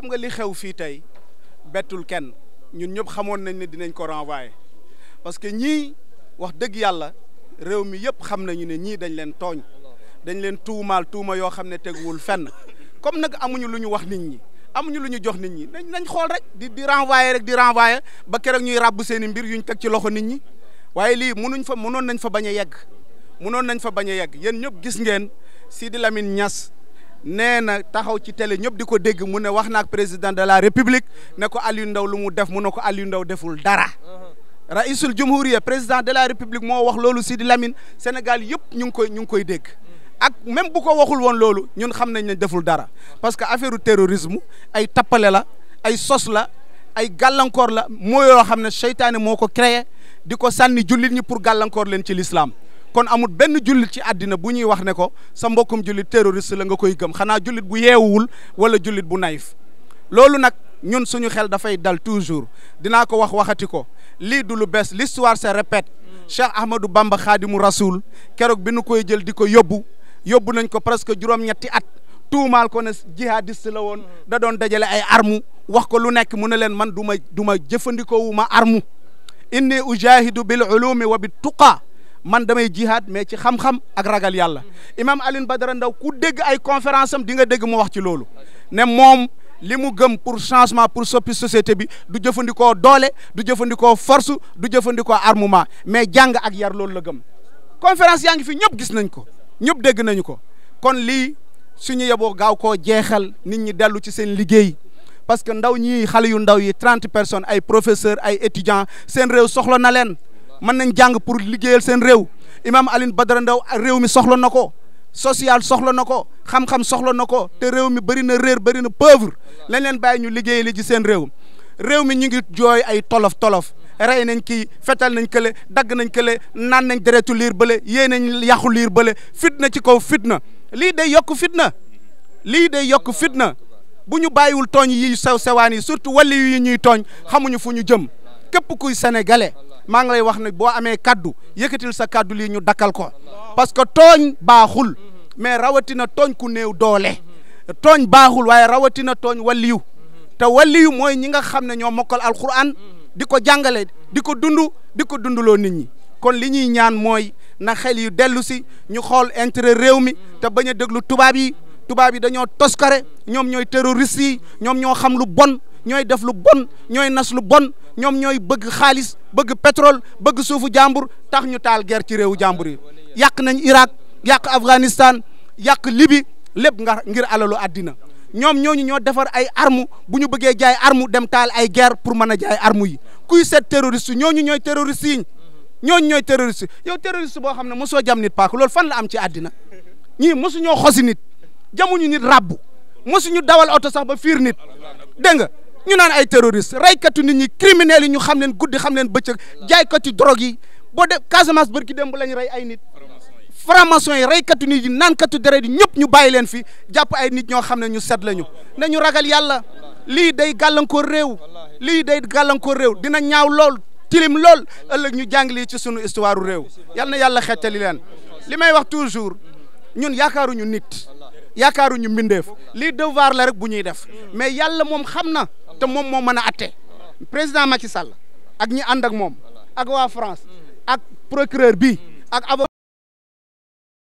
xam nga li xew fii tey bettul kenn ñun ñëpp xamoon nañ ne dinañ ko renvoyer parce que ñii wax dëgg yàlla réew mi yëpp xam nañu ne ñii dañ leen tooñ dañ leen tuumaal tuuma yoo xam ne teguwul fenn comme nag amuñu lu ñu wax nit ñi amuñu lu ñu jox nit ñi nañ nañ xool rek di di renvoyer rek di renvoyer ba keroog ñuy ràbb seen i mbir yuñ teg ci loxo nit ñi waaye lii munuñ fa munoon nañ fa bañ a yegg munoon nañ fa bañ a yegg yéen ñëpp gis ngeen Sidi Lamine ñas nee na taxaw ci télé ñëpp di ko dégg mu ne wax na président de la république ne ko Aliou Ndao lu mu def mu ne ko Aliou Ndao deful dara raisul jumhuriya président de la république moo wax loolu Sidi Lamine Sénégal yëpp ñu ngi koy ñu ngi koy dégg ak même bu ko waxul woon loolu ñun xam nañ ne deful dara parce que affaire térorisme ay tappale la ay sos la ay gàllankoor la moo yoo xam ne seytaane moo ko créé di ko sànni jullit ñi pour gàllankoor leen ci l'islam kon amul benn jullit ci àddina bu ñuy wax ne ko sa mbokkum jullit terroriste la nga koy gëm xana jullit bu yeewuwul wala jullit bu naïf loolu nag ñun suñu xel dafay dal toujours dinaa ko wax waxati ko lii du lu bees l'histoire se répète Cheikh Ahmadou Bamba Khadimu Rasoul keroog bi nu koy jël di ko yóbbu yóbbu nañ ko presque juróom-ñetti at tuumaal ko ne jihadiste la woon da doon dajale ay armu wax ko lu nekk mu ne leen man du ma du ma jëfandikoowu ma armu inni ujahidu bil ulumi wa bi tuqa man damay jihaad mais ci xam-xam ak ragal yàlla imam Alioune Badara ndaw ku dégg ay conférence am di nga dégg mu wax ci loolu ne moom li mu gëm pour changement pour soppi société bi du jëfandikoo doole du jëfandikoo force du jëfandikoo armement mais jàng ak yar loolu la gëm conférence yaa ngi fi ñëpp gis nañ ko ñëpp dégg nañu ko kon lii suñu yeboo gaaw ko jeexel nit ñi dellu ci seen liggéey parce que ndaw ñi xale yu ndaw yi trente personnes ay professeurs ay étudiants seen réew soxla na leen mën nañ jàng pour liggéeyal seen réew imam Alioune Badara Ndao réew mi soxla na ko social soxla na ko xam-xam soxla na ko te réew mi bëri na réer bëri na pauvre lañ bàyyi ñu liggéey li ci seen réew réew mi ñu ngi jooy ay tolof tolof rey nañ kii fetal nañ kële dagg nañ kële nan nañ deretu liir bële yée nañ yàqu liir bële fitna ci kaw fitna lii day yokk fitna lii day yokk fitna bu ñu bàyyiwul tooñ yi sew sewaan yi surtout walli yi ñuy tooñ xamuñu fu ñu jëm képp kuy sénégalais maa ngi lay wax ne boo amee kaddu yëkkatil sa kaddu lii ñu dakkal ko parce que tooñ baaxul mais rawatina tooñ ku néew doole tooñ baaxul waaye rawatina tooñ walliyu te walliyu mooy ñi nga xam ne ñoo mokkal alquran di ko jàngale di ko dundu di ko dundloo nit ñi kon li ñuy ñaan mooy na xel yu dellu si ñu xool intérêt réew mi te bañ a déglu tubaab yi tubaab yi dañoo toskare ñoom ñooy terroristes yi ñoom ñoo xam lu bon ñooy def lu bon ñooy nas lu bon ñoom ñooy bëgg xaalis bëgg pétrole bëgg suufu jàmbur tax ñu taal guerre ci réewu jàmbur yi yàq nañ Irak yàq Afghanistan yàq libi lépp nga ngir alalu àddina ñoom ñooñu ñoo defar ay armu bu ñu bëggee jaay armu dem taal ay guerre pour mën a jaay armu yi kuy seet terroriste ñooñu ñooy terroriste yi ñooñu ñooy terroriste yow terroriste boo xam ne mosoo jam nit paak loolu fan la am ci àddina ñii mosuñoo xosi nit jamuñu nit rabbu mosuñu dawal oto sax ba fiir nga ñu naan ay terroriste reykatu nit ñi criminels yi ñu xam leen guddi xam leen bëccëg jaaykati drogue yi boo def Casamance bërki dem bu ñu rey ay nit franc-maçon yi reykatu nit yi naankatu deret yi ñëpp ñu bàyyi leen fi jàpp ay nit ñoo xam ne ñu set lañu nañu ragal yàlla lii day gàllankoor réew lii day gàllankoor réew dina ñaaw lool tilim lool ëllëg ñu jàng ci sunu histoire réew yal na yàlla xettali leen li may wax toujours ñun yaakaaruñu nit yaakaaruñu mbindeef lii devoir la rek bu ñuy def mais yàlla moom xam na te moom moo mën a atte président Macky Sall ak ñi ànd ak moom ak waa France ak procureur bi ak avocat